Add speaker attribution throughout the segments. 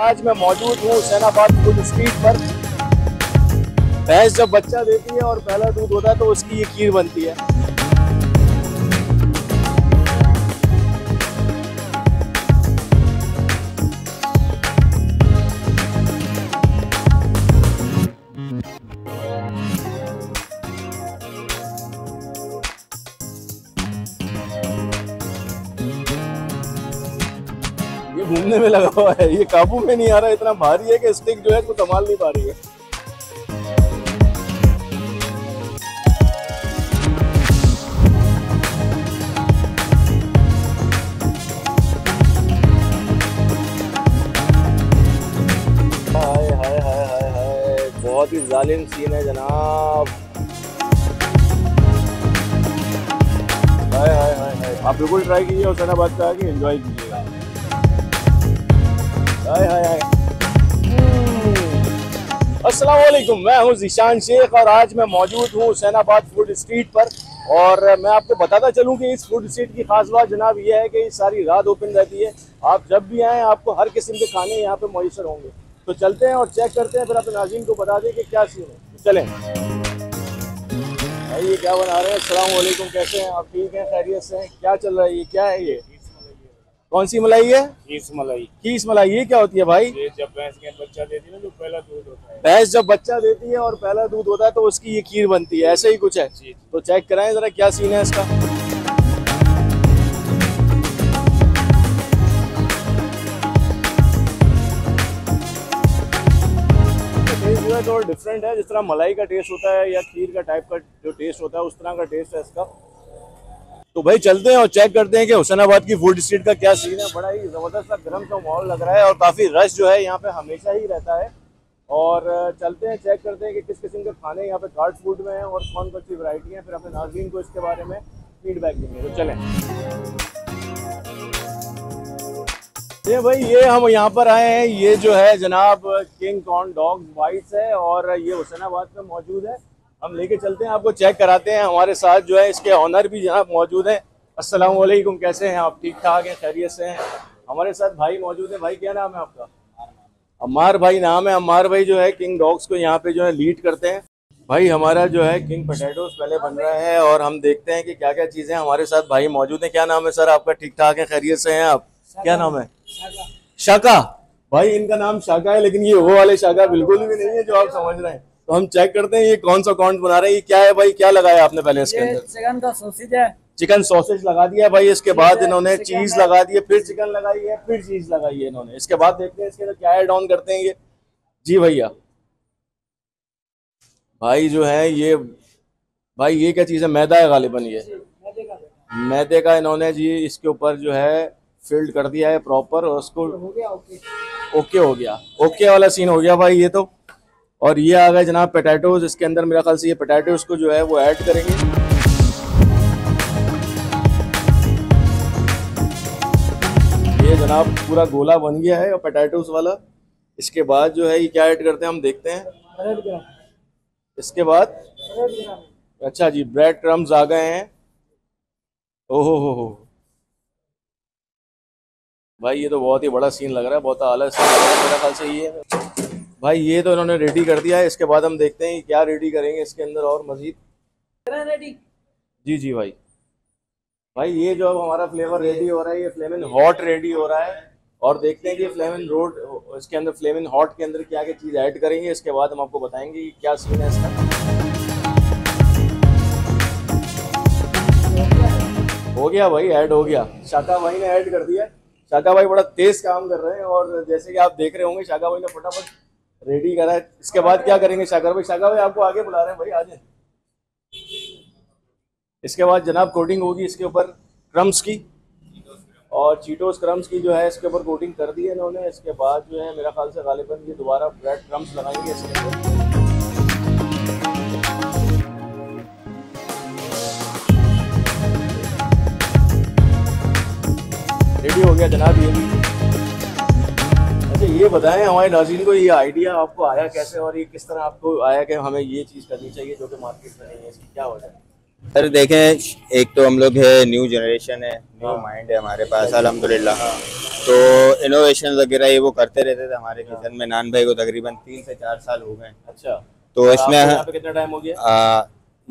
Speaker 1: आज मैं मौजूद हूँ हुसैनाबाद फूड स्ट्रीट पर भैंस जब बच्चा देती है और पहला दूध होता है तो उसकी ये खीर बनती है बांधने में लगा हुआ है ये काबू में नहीं आ रहा इतना भारी है कि स्टिक जो है कुछ संभाल नहीं पा रही है बहुत ही जालिम सीन है जनाब हाय हाय हाय हाय आप बिल्कुल ट्राई कीजिए और सनाबाद का आगे एंजॉय कीजिए हाय हाय हम्म। असलम मैं हूँ जीशान शेख और आज मैं मौजूद हूँ हुसैनाबाद फूड स्ट्रीट पर और मैं आपको बताता चलूँ कि इस फूड स्ट्रीट की खास बात जनाब यह है कि सारी रात ओपन रहती है आप जब भी आएँ आपको हर किस्म के खाने यहाँ पे मैसर होंगे तो चलते हैं और चेक करते हैं फिर अपने नाजीन को बता दें कि क्या सीन है चलें भाई ये क्या बना रहे हैं असलम कैसे हैं आप ठीक हैं खैरियत से हैं क्या चल रहा है ये क्या है ये कौन सी मलाई है खीस मलाई खीस मलाई ये क्या होती है भाई ये
Speaker 2: जब भैंस के बच्चा देती है ना जो तो पहला दूध होता
Speaker 1: है भैंस जब बच्चा देती है और पहला दूध होता है तो उसकी ये खीर बनती है ऐसे ही कुछ है तो चेक कराए जरा क्या सीन है इसका थोड़ा डिफरेंट है जिस तरह मलाई का टेस्ट होता है या खीर का टाइप का जो टेस्ट होता है उस तरह का टेस्ट है इसका तो भाई चलते हैं और चेक करते हैं कि हुसैनाबाद की फूड स्ट्रीट का क्या सीन है बड़ा ही ज़बरदस्त सा गर्म सा माहौल लग रहा है और काफ़ी रश जो है यहाँ पे हमेशा ही रहता है और चलते हैं चेक करते हैं कि किस किस्म के खाने यहाँ पे कार्ड फूड में है और कौन कौन सी वरायटी है फिर अपने नाजीन को इसके बारे में फीडबैक देंगे तो चले ये भाई ये हम यहाँ पर आए हैं ये जो है जनाब किंग कॉन डॉग वाइस है और ये हुसैनाबाद में मौजूद है हम लेके चलते हैं आपको चेक कराते हैं हमारे साथ जो है इसके ऑनर भी जहाँ मौजूद हैं अस्सलाम वालेकुम कैसे हैं आप ठीक ठाक हैं खैरियत से हैं हमारे साथ भाई मौजूद हैं भाई क्या नाम है आपका अमार भाई नाम है अमार भाई जो है किंग डॉग्स को यहाँ पे जो है लीड करते हैं भाई हमारा जो है किंग पटेटोज पहले बन रहा है और हम देखते हैं कि क्या क्या चीज़ें हमारे साथ भाई मौजूद हैं क्या नाम है सर आपका ठीक ठाक है खैरियत से हैं आप क्या नाम है शाका भाई इनका नाम शाका है लेकिन ये वो वाले शाका बिल्कुल भी नहीं है जो आप समझ रहे हैं तो हम चेक करते हैं ये कौन सा अकाउंट बना रहे हैं ये क्या है भाई क्या लगाया आपने पहले इसके अंदर चिकन का सोसेज है चिकन सॉसेज लगा दिया है भाई इसके बाद इन्होंने चीज लगा दी है फिर चिकन लगाई है फिर चीज लगाई है इन्होंने इसके बाद देखते हैं इसके अंदर क्या एड ऑन करते हैं ये जी भैया भाई जो है ये भाई ये क्या चीज़ है मैदा है गालिबन ये मैदे का इन्होंने जी इसके ऊपर जो है फिल्ड कर दिया है प्रॉपर और उसको हो गया ओके ओके हो गया ओके वाला सीन हो गया भाई ये तो और ये आ गए जनाब पटेटो इसके अंदर मेरा ख्याल से ये पटैटोज को जो है वो ऐड करेंगे ये जनाब पूरा गोला बन गया है और पटैटोज वाला इसके बाद जो है ये क्या ऐड करते हैं हम देखते हैं इसके बाद अच्छा जी ब्रेड क्रम्स आ गए हैं ओहो हो हो भाई ये तो बहुत ही बड़ा सीन लग रहा है बहुत आला सीन लग रहा है मेरा ख्याल से ये भाई ये तो इन्होंने रेडी कर दिया है इसके बाद हम देखते हैं क्या रेडी करेंगे इसके अंदर और मजीद रेडी जी जी भाई भाई ये जो अब हमारा फ्लेवर रेडी हो रहा है ये फ्लेमिन हॉट रेडी हो रहा है और देखते हैं कि फ्लेमिन रोड इसके अंदर फ्लेमिन हॉट के अंदर क्या क्या चीज़ ऐड करेंगे इसके बाद हम आपको बताएंगे कि क्या सीन है इसका हो गया भाई ऐड हो गया शाका भाई ने ऐड कर दिया शाका भाई बड़ा तेज काम कर रहे हैं और जैसे कि आप देख रहे होंगे शाका भाई ने फटाफट रेडी करा है इसके बाद क्या करेंगे शाकर भाई शाकर भाई आपको आगे बुला रहे हैं भाई आज इसके बाद जनाब कोटिंग होगी इसके ऊपर क्रम्स की और चीटोस क्रम्स की जो है इसके ऊपर कोटिंग कर दी है इन्होंने इसके बाद जो है मेरा ख्याल से गालिबन ये दोबारा ब्रेड क्रम्स लगाएंगे इसके ऊपर रेडी हो गया जनाब ये भी ये बताएं हमारे नाजीन को ये आइडिया आपको आया कैसे और ये किस तरह आपको आया कि हमें ये चीज़ करनी चाहिए जो
Speaker 2: कि मार्केट में नहीं है इसकी क्या वजह सर देखें एक तो हम लोग है न्यू जनरेशन है न्यू माइंड हाँ। है हमारे पास अलहमदिल्ला तो इनोवेशन वगैरह ये वो करते रहते थे हमारे किचन हाँ। में नान भाई को तकरीबन तीन से चार साल हो गए अच्छा तो इसमें हाँ। कितना टाइम हो गया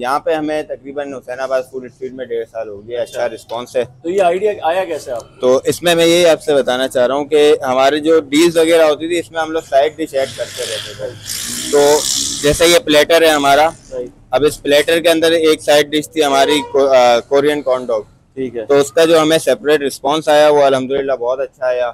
Speaker 2: यहाँ पे हमें तकरीबन हुसैनाबाद फूड स्ट्रीट में डेढ़ साल हो गया अच्छा रिस्पांस अच्छा है तो ये आइडिया आया कैसे आप तो इसमें मैं ये आपसे बताना चाह रहा हूँ कि हमारे जो डील्स वगैरह होती थी इसमें हम लोग साइड डिश ऐड करते रहते थे तो जैसे ये प्लेटर है हमारा अब इस प्लेटर के अंदर एक साइड डिश थी हमारी कोरियन कॉर्न डॉग ठीक है तो उसका जो हमें सेपरेट रिस्पॉन्स आया वो अलहमदिल्ला बहुत अच्छा आया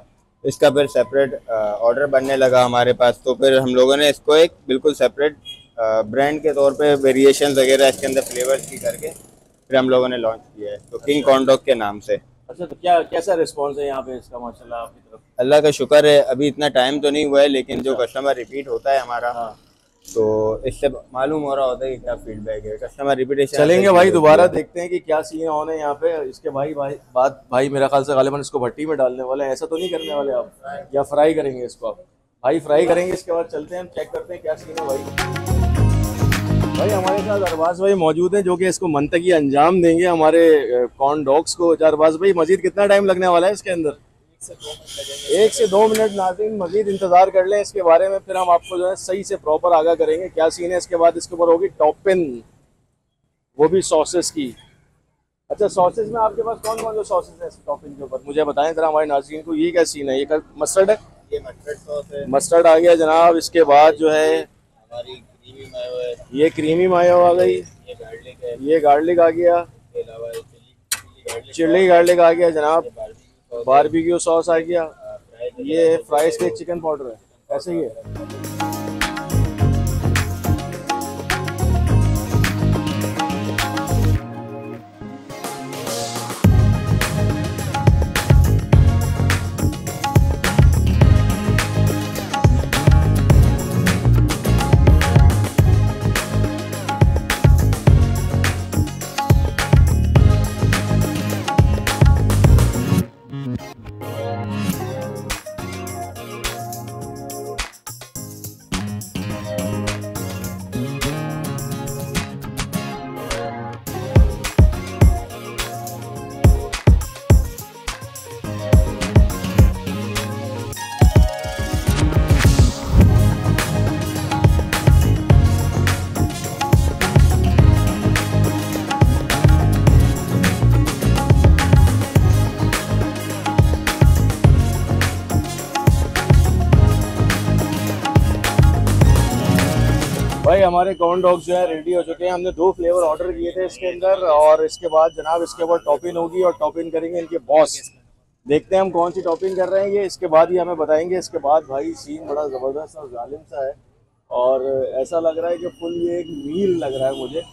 Speaker 2: इसका फिर सेपरेट ऑर्डर बनने लगा हमारे पास तो फिर हम लोगों ने इसको एक बिल्कुल सेपरेट ब्रांड के तौर पे वेरिएशन वगैरह इसके अंदर फ्लेवर्स की करके फिर हम लोगों ने लॉन्च किया है तो किंग कॉन्डॉक अच्छा। के नाम से अच्छा तो क्या कैसा रिस्पांस है यहाँ पे इसका माशाल्लाह आपकी तरफ अल्लाह का शुक्र है अभी इतना टाइम तो नहीं हुआ है लेकिन जो कस्टमर अच्छा। रिपीट होता है हमारा हाँ। तो इससे मालूम हो रहा होता है कि क्या फीडबैक है कस्टमर रिपीटेशन चलेंगे भाई दोबारा देखते हैं कि क्या सीन होने यहाँ पे इसके भाई भाई
Speaker 1: बात भाई मेरा ख्याल से गालिबा इसको भट्टी में डालने वाले हैं ऐसा तो नहीं करने वाले आप या फ्राई करेंगे इसको आप भाई फ्राई करेंगे इसके बाद चलते हैं चेक करते हैं क्या सीन है भाई भाई हमारे साथ अरबाज भाई मौजूद हैं जो कि इसको मनतकी अंजाम देंगे हमारे कॉन डॉग्स को अच्छा, अरबाज भाई मजीद कितना टाइम लगने वाला है इसके अंदर एक से दो मिनट नाजिन मजीद इंतजार कर लें इसके बारे में फिर हम आपको जो है सही से प्रॉपर आगा करेंगे क्या सीन है इसके बाद इसके ऊपर होगी टॉपिन वो भी सॉसेस की अच्छा सॉसेज में आपके पास कौन कौन से सॉसेज है टॉपिन के ऊपर मुझे बताएं जरा हमारे नाजीन को ये क्या सीन है ये मस्टर्ड है मस्टर्ड है मस्टर्ड आ गया जनाब इसके बाद जो है हमारी ये क्रीमी माया आ गई ये गार्लिक आ गया चिल्ली गार्लिक आ गया जनाब बारबेक्यू सॉस आ गया ये फ्राइज के चिकन पाउडर है ऐसे ही है भाई हमारे कॉर्न डॉग जो है रेडी हो चुके हैं हमने दो फ्लेवर ऑर्डर किए थे इसके अंदर और इसके बाद जनाब इसके ऊपर टॉपिन होगी और टॉपिन करेंगे इनके बॉस देखते हैं हम कौन सी टॉपिंग कर रहे हैं ये इसके बाद ही हमें बताएंगे इसके बाद भाई सीन बड़ा ज़बरदस्त और जालिम सा है और ऐसा लग रहा है कि फुल ये एक मील लग रहा है मुझे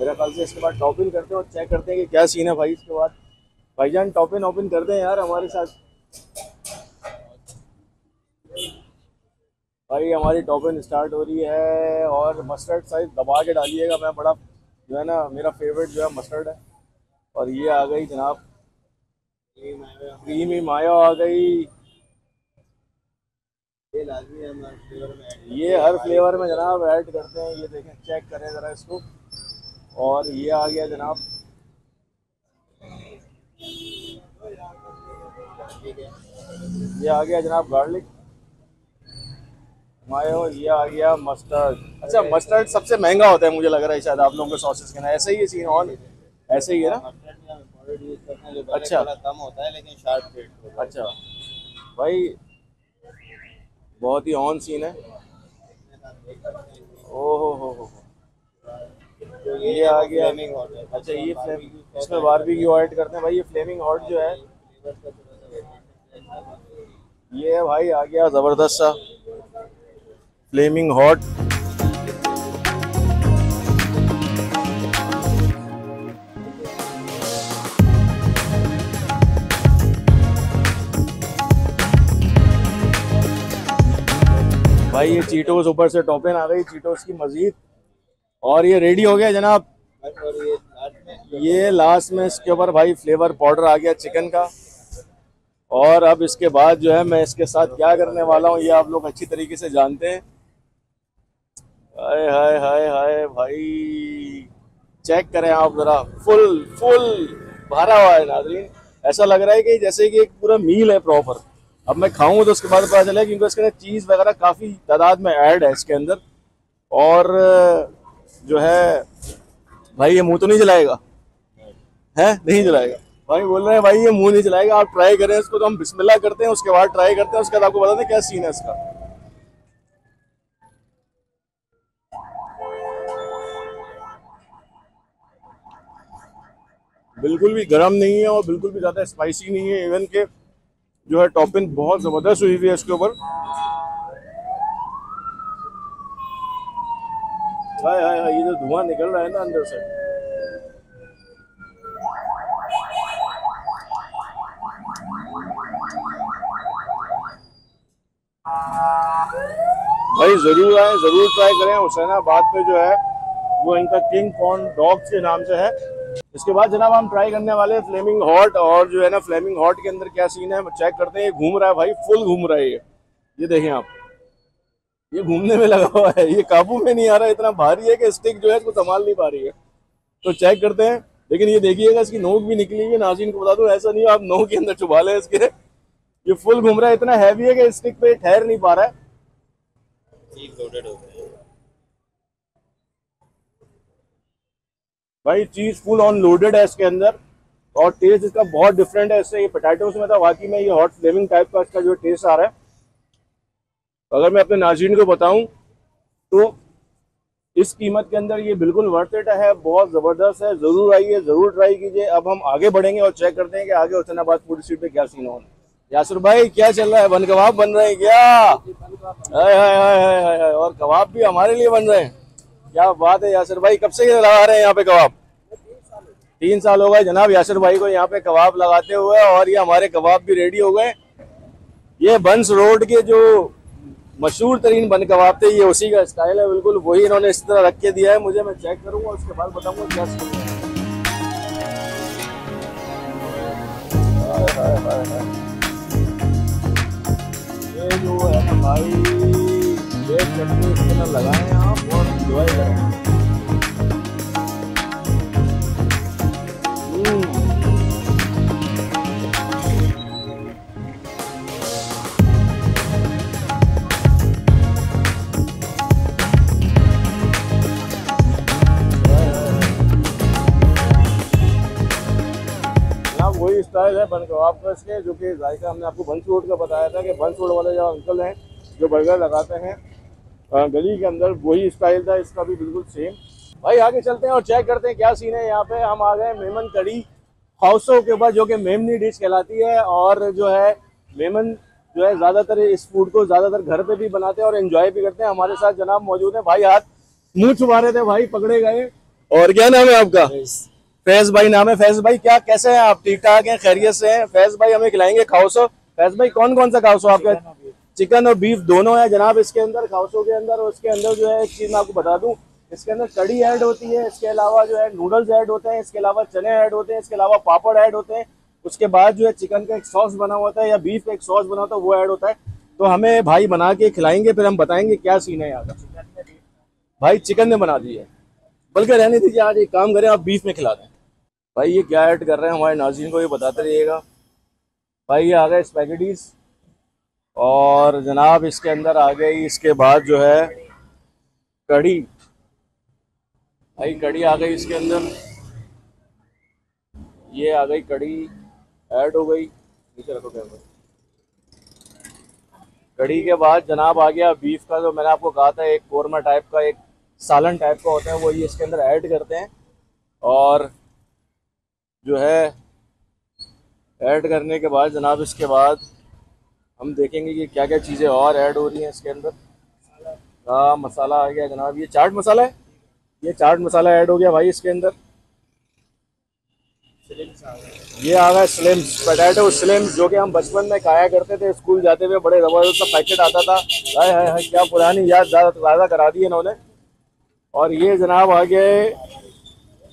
Speaker 1: मेरे ख्याल से इसके बाद टॉपिंग करते हैं और चेक करते हैं कि क्या सीन है भाई इसके बाद भाई जान टॉपिन ऑपिन कर दें यार हमारे
Speaker 2: साथ
Speaker 1: भाई हमारी टॉपिन स्टार्ट हो रही है और मस्टर्ड साइज दबा के डालिएगा मैं बड़ा जो है ना मेरा फेवरेट जो है मस्टर्ड है और ये आ गई जनाब क्रीमी माया आ गई ये लाजमी है फ्लेवर में ये हर फ्लेवर में जनाब ऐड करते हैं ये देखें चेक करें ज़रा इसको और ये आ गया जनाब ये आ गया जनाब गार्लिक मायो ये आ गया मस्टर्ड अच्छा मस्टर्ड सबसे महंगा होता है मुझे लग रहा है शायद आप लोगों के सॉसेस के ना ऐसा ही है सीन ऐसे ही है
Speaker 2: ना अच्छा कम होता है लेकिन शार्प अच्छा
Speaker 1: भाई बहुत ही ऑन सीन है
Speaker 2: ओहो हो हो
Speaker 1: ये आ गया अच्छा ये फ्लेम इसमें करते हैं भाई ये फ्लेमिंग हॉट जो है ये भाई आ गया ज़बरदस्त सा फ्लेमिंग हॉट भाई ये चीटोस ऊपर से टॉपिन आ गई चीटोस की मजीद और ये रेडी हो गया जनाब ये लास्ट में इसके ऊपर भाई फ्लेवर पाउडर आ गया चिकन का और अब इसके बाद जो है मैं इसके साथ क्या करने वाला हूँ ये आप लोग अच्छी तरीके से जानते हैं हाय हाय हाय हाय भाई चेक करें आप जरा फुल फुल भरा हुआ है नाजरीन ऐसा लग रहा है कि जैसे कि एक पूरा मील है प्रॉपर अब मैं खाऊंगा तो उसके बाद पता चला क्योंकि इसके अंदर चीज़ वगैरह काफ़ी तादाद में ऐड है इसके अंदर और जो है भाई ये मुंह तो नहीं चलाएगा है नहीं चलाएगा भाई बोल रहे हैं भाई ये मुंह नहीं चलाएगा आप ट्राई करें इसको तो हम बिस्मिल्लाह करते हैं उसके बाद ट्राई करते हैं उसके बाद आपको बता दें क्या सीन है इसका बिल्कुल भी गर्म नहीं है और बिल्कुल भी ज़्यादा स्पाइसी नहीं है इवन के जो है टॉपिंग बहुत ज़बरदस्त हुई हुई है इसके ऊपर हाय हाय हाय ये जो धुआं निकल रहा है ना अंदर से भाई ज़रूर आए ज़रूर ट्राई करें हुसैनाबाद में जो है वो इनका किंग कॉन डॉग के नाम से है इसके बाद जनाब हम ट्राई करने वाले हैं फ्लेमिंग हॉट और जो है ना फ्लेमिंग हॉट के अंदर क्या सीन है चेक करते हैं ये घूम रहा है भाई फुल घूम रहा है ये ये देखें आप ये घूमने में लगा हुआ है ये काबू में नहीं आ रहा इतना भारी है कि स्टिक जो है इसको संभाल नहीं पा रही है तो चेक करते हैं लेकिन ये देखिएगा इसकी नोक भी निकली हुई है नाजीन को बता दो ऐसा नहीं आप नोक के अंदर छुपा लें इसके ये फुल घूम रहा है इतना हैवी है कि स्टिक पे ठहर नहीं पा रहा है भाई चीज़ फुल ऑन लोडेड है इसके अंदर और टेस्ट इसका बहुत डिफरेंट है इससे ये पटाटोस में था वाकई में ये हॉट फ्लेविंग टाइप का इसका जो टेस्ट आ रहा है अगर मैं अपने नाजीन को बताऊं तो इस कीमत के अंदर ये बिल्कुल वर्थ है बहुत ज़बरदस्त है ज़रूर आइए ज़रूर ट्राई कीजिए अब हम आगे बढ़ेंगे और चेक करते हैं कि आगे हुसैनाबाद फूड स्ट्रीट पे क्या सीन हो यासर भाई क्या चल रहा है बन कबाब बन रहे हैं क्या है और कबाब भी हमारे लिए बन रहे हैं क्या बात है यासर भाई कब से लगा रहे हैं यहाँ पे कबाब तीन साल हो गए जनाब यासर भाई को यहाँ पे कबाब लगाते हुए और ये हमारे कबाब भी रेडी हो गए ये बंस रोड के जो मशहूर तरीन बन कबाब थे ये उसी का स्टाइल है बिल्कुल वही इन्होंने इस तरह रख के दिया है मुझे मैं चेक करूंगा उसके बाद बताऊंगा क्या ये जो है भाई ये चटनी लगाए आप और इंजॉय करें बन कबाब का के जो कि जायका हमने आपको बंस रोड का बताया था कि बंस रोड वाले जो अंकल हैं जो बर्गर लगाते हैं गली के अंदर वही स्टाइल था इसका भी बिल्कुल सेम भाई आगे चलते हैं और चेक करते हैं क्या सीन है यहाँ पे हम आ गए मेमन कड़ी हाउसों के ऊपर जो कि मेमनी डिश कहलाती है और जो है मेमन जो है ज़्यादातर इस फूड को ज़्यादातर घर पे भी बनाते हैं और एंजॉय भी करते हैं हमारे साथ जनाब मौजूद है भाई हाथ मुंह छुपा रहे थे भाई पकड़े गए और क्या नाम है आपका फैज भाई नाम है फैज भाई क्या कैसे हैं आप ठीक ठाक हैं खैरियत से हैं फैज भाई हमें खिलाएंगे खाउसो फैज भाई कौन कौन सा खाउसो आपका चिकन और बीफ दोनों है जनाब इसके अंदर खाउसो के अंदर और इसके अंदर जो है एक चीज़ मैं आपको बता दूँ इसके अंदर कड़ी ऐड होती है इसके अलावा जो है नूडल्स ऐड होते हैं इसके अलावा चने ऐड होते हैं इसके अलावा पापड़ ऐड होते हैं उसके बाद जो है चिकन का एक सॉस बना होता है या बीफ का एक सॉस बना होता है वो ऐड होता है तो हमें भाई बना के खिलाएंगे फिर हम बताएंगे क्या सीन है यहाँ का भाई चिकन ने बना दी है बल्कि रहने दीजिए आज एक काम करें आप बीफ में खिला दें भाई ये क्या ऐड कर रहे हैं हमारे नाजीन को ये बताते रहिएगा भाई ये आ गए स्पैगेटीज़ और जनाब इसके अंदर आ गई इसके बाद जो है कड़ी भाई कड़ी आ गई इसके अंदर ये आ गई कड़ी ऐड हो गई नीचे रखो कैमरा कड़ी के बाद जनाब आ गया बीफ का जो मैंने आपको कहा था एक कोरमा टाइप का एक सालन टाइप का होता है वो ये इसके अंदर ऐड करते हैं और जो है ऐड करने के बाद जनाब इसके बाद हम देखेंगे कि क्या क्या चीज़ें और ऐड हो रही हैं इसके अंदर हाँ मसाला आ गया जनाब ये चाट मसाला है ये चाट मसाला ऐड हो गया भाई इसके अंदर
Speaker 2: ये
Speaker 1: आ गया स्लिम पटेटो स्लिम जो कि हम बचपन में खाया करते थे स्कूल जाते हुए बड़े ज़बरदस्त पैकेट आता था हाय हाय क्या पुरानी याद ज़्यादा करा दी इन्होंने और ये जनाब आ गए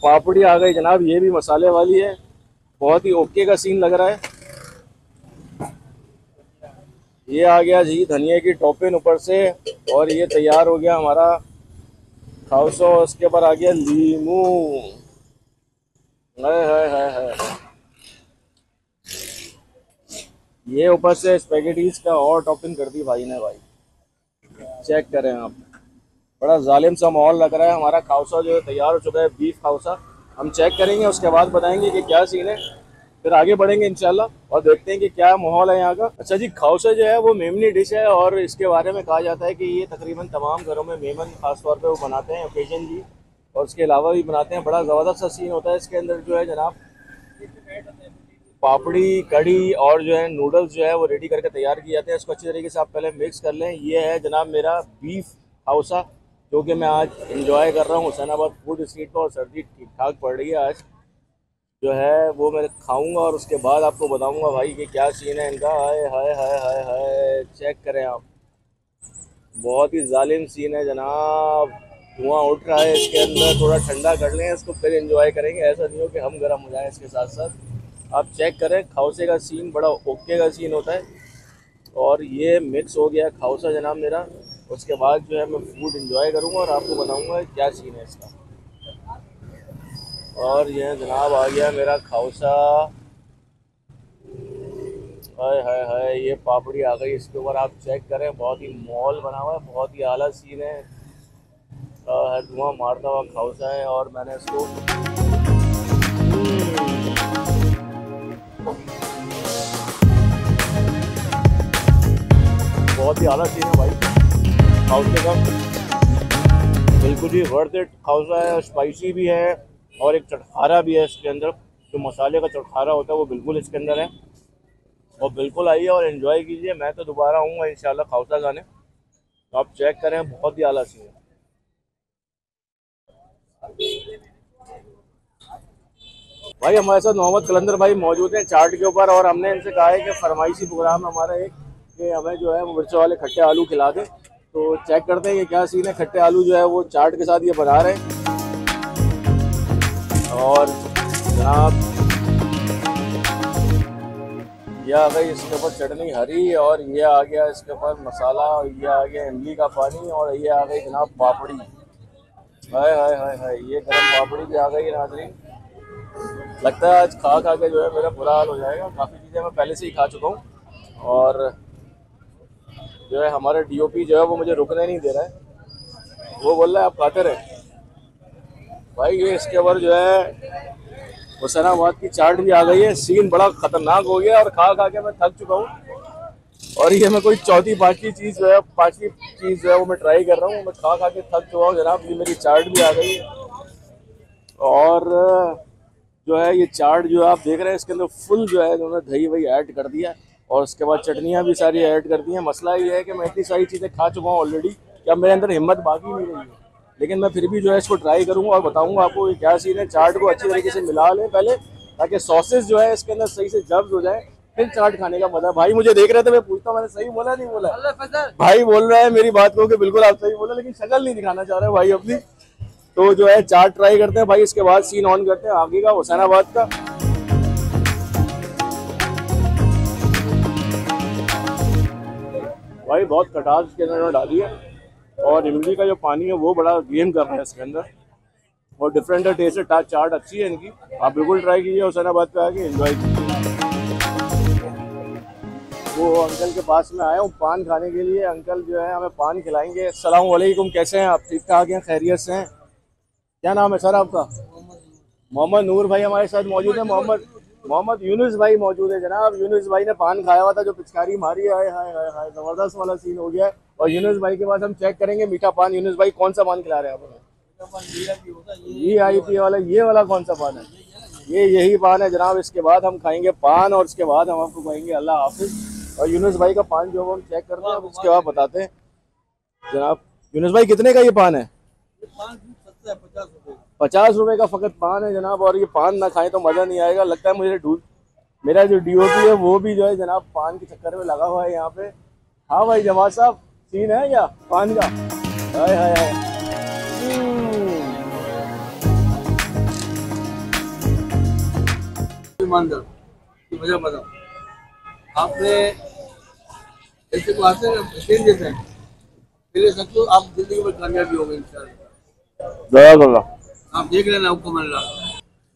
Speaker 1: पापड़ी आ गई जनाब ये भी मसाले वाली है बहुत ही ओके का सीन लग रहा है ये आ गया जी धनिया की टोपिन ऊपर से और ये तैयार हो गया हमारा खाउसो उसके ऊपर आ गया लीमू है है है है ये ऊपर से स्पेगेटीज का और टॉपिंग कर दी भाई ने भाई चेक करें आप बड़ा जालिम सा माहौल लग रहा है हमारा खावसा जो है तैयार हो चुका है बीफ खावसा हम चेक करेंगे उसके बाद बताएंगे कि क्या सीन है फिर आगे बढ़ेंगे इनशाला और देखते हैं कि क्या माहौल है यहाँ का अच्छा जी खावसा जो है वो मेमनी डिश है और इसके बारे में कहा जाता है कि ये तकरीबन तमाम घरों में मेमन खासतौर पर वो बनाते हैं ओकेजन भी और उसके अलावा भी बनाते हैं बड़ा ज़बरदस्त सा सीन होता है इसके अंदर जो है जनाब पापड़ी कड़ी और जो है नूडल्स जो है वो रेडी करके तैयार किए जाते हैं इसको अच्छी तरीके से आप पहले मिक्स कर लें ये है जनाब मेरा बीफ हाउसा क्योंकि मैं आज इंजॉय कर रहा हूँ हुसैनाबाद फूड स्ट्रीट पर और सर्दी ठीक ठाक पड़ रही है आज जो है वो मैं खाऊंगा और उसके बाद आपको बताऊंगा भाई कि क्या सीन है इनका हाय हाय हाय हाय हाय चेक करें आप बहुत ही जालिम सीन है जनाब धुआं उठ रहा है इसके अंदर थोड़ा ठंडा कर लें इसको फिर इंजॉय करेंगे ऐसा नहीं हो कि हम गर्म हो जाएँ इसके साथ साथ आप चेक करें खाउसे का सीन बड़ा ओके का सीन होता है और ये मिक्स हो गया खाउसा जनाब मेरा उसके बाद जो है मैं फूड इंजॉय करूँगा और आपको बताऊँगा क्या सीन है इसका और यह जनाब आ गया मेरा खाउसा हाय हाय हाय ये पापड़ी आ गई इसके ऊपर आप चेक करें बहुत ही मॉल बना हुआ है बहुत ही आला सीन है धुआं मारता हुआ खाउसा है और मैंने इसको बहुत ही आला सीन है भाई खाउसा का बिल्कुल ही वर्थ इट खाउसा है स्पाइसी भी है और एक चटखारा भी है इसके अंदर जो मसाले का चटखारा होता है वो बिल्कुल इसके अंदर है और बिल्कुल आइए और इन्जॉय कीजिए मैं तो दोबारा आऊँगा इन शाला खाउसा खाने तो आप चेक करें बहुत ही आला सी है भाई हमारे साथ मोहम्मद कलंदर भाई मौजूद हैं चार्ट के ऊपर और हमने इनसे कहा है कि फरमाइशी प्रोग्राम हमारा एक कि हमें जो है मिर्च वाले खट्टे आलू खिला दें तो चेक करते हैं कि क्या सीन है खट्टे आलू जो है वो चाट के साथ ये बना रहे हैं और जनाब यह आ गई इसके ऊपर चटनी हरी और ये आ गया इसके ऊपर मसाला और ये आ गया इमली का पानी और ये आ गई जनाब पापड़ी हाय हाय हाय हाय ये गर्म पापड़ी भी आ गई है लगता है आज खा खा के जो है मेरा बुरा हाल हो जाएगा काफ़ी चीज़ें मैं पहले से ही खा चुका हूँ और जो है हमारा डीओपी जो है वो मुझे रुकने नहीं दे रहा है वो बोल रहा है आप खाते रहे भाई ये इसके ऊपर जो है हुसैनाबाद की चार्ट भी आ गई है सीन बड़ा खतरनाक हो गया और खा खा के मैं थक चुका हूँ और ये मैं कोई चौथी पांचवी चीज़ जो है पांचवी चीज़ जो है वो मैं ट्राई कर रहा हूँ मैं खा खा के थक चुका हूँ जनाब ये मेरी चार्ट भी आ गई है और जो है ये चार्ट जो आप देख रहे हैं इसके अंदर फुल जो है उन्होंने दही वही ऐड कर दिया है और उसके बाद चटनियाँ भी सारी ऐड कर दी हैं मसला ये है कि मैं इतनी सारी चीज़ें खा चुका हूँ ऑलरेडी कि अब मेरे अंदर हिम्मत बाकी नहीं रही है लेकिन मैं फिर भी जो है इसको ट्राई करूँगा और बताऊँगा आपको क्या सीन है चाट को अच्छी तरीके से मिला लें पहले ताकि सॉसेज जो है इसके अंदर सही से जब्ज हो जाए फिर चाट खाने का मजा भाई मुझे देख रहे थे मैं पूछता हूँ मैंने सही बोला नहीं बोला भाई बोल रहा है मेरी बात को कि बिल्कुल आप सही बोला लेकिन शक्ल नहीं दिखाना चाह रहे भाई अपनी तो जो है चाट ट्राई करते हैं भाई इसके बाद सीन ऑन करते हैं आगे का हुसैनाबाद का भाई बहुत कटास के अंदर डाली है और इमली का जो पानी है वो बड़ा गेम कर रहा है इसके अंदर और डिफरेंट टेस्ट है चाट अच्छी है इनकी आप बिल्कुल ट्राई कीजिए हुसैनाबाद पे आके एंजॉय कीजिए वो अंकल के पास में आया हूँ पान खाने के लिए अंकल जो है हमें पान खिलाएंगे असलम कैसे हैं आप ठीक ठाक हैं खैरियत से हैं क्या नाम है सर आपका मोहम्मद नूर भाई हमारे साथ मौजूद है मोहम्मद मोहम्मद यूनुस भाई मौजूद है जनाब यूनुस भाई ने पान खाया हुआ था जो पिचकारी मारी है हाय हाय हाय जबरदस्त वाला सीन हो गया है और यूनुस भाई के बाद हम चेक करेंगे मीठा पान यूनुस भाई कौन सा पान खिला रहे हैं आपको ये आई पी वाला ये वाला कौन सा पान है ये यही पान है जनाब इसके बाद हम खाएंगे पान और उसके बाद हम आपको कहेंगे अल्लाह हाफिज और यूनुस भाई का पान जो हम चेक करते हैं उसके बाद बताते हैं जनाब यूनुस भाई कितने का ये पान है पचास रुपए का फकत पान है जनाब और ये पान ना खाएं तो मज़ा नहीं आएगा लगता है मुझे ढूंढ मेरा जो डीओपी है वो भी जो है जनाब पान के चक्कर में लगा हुआ है यहाँ पे हाँ भाई जवाब साहब सीन है क्या पान का हाय हाय हाय हम्म। मजा मजा आपने ऐसे को तो जैसे तो आप जिंदगी में कामयाबी हो गई इंशाल्लाह आप देख लेना आपको मिल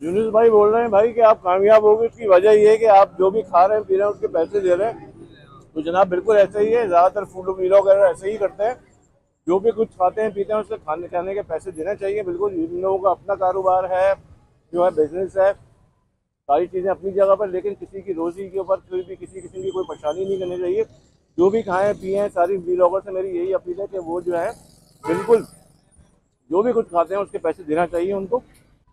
Speaker 1: यूनिस भाई बोल रहे हैं भाई कि आप कामयाब हो गए उसकी वजह ये है कि आप जो भी खा रहे हैं पी रहे हैं उसके पैसे दे रहे हैं तो जनाब बिल्कुल ऐसे ही है ज़्यादातर फूड वगैरह ऐसे ही करते हैं जो भी कुछ खाते हैं पीते हैं उसके खाने खाने के पैसे देना चाहिए बिल्कुल इन लोगों का अपना कारोबार है जो है बिजनेस है सारी चीज़ें अपनी जगह पर लेकिन किसी की रोज़ी के ऊपर कोई भी किसी किस्म की कोई परेशानी नहीं करनी चाहिए जो भी खाएं पिए हैं सारी ब्लॉगर से मेरी यही अपील है कि वो जो है बिल्कुल जो भी कुछ खाते हैं उसके पैसे देना चाहिए उनको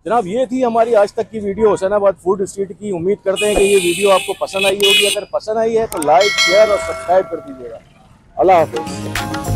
Speaker 1: जनाब ये थी हमारी आज तक की वीडियो हुसैनाबाद फूड स्ट्रीट की उम्मीद करते हैं कि ये वीडियो आपको पसंद आई होगी अगर पसंद आई है तो लाइक शेयर और सब्सक्राइब कर दीजिएगा अल्लाह हाफिज़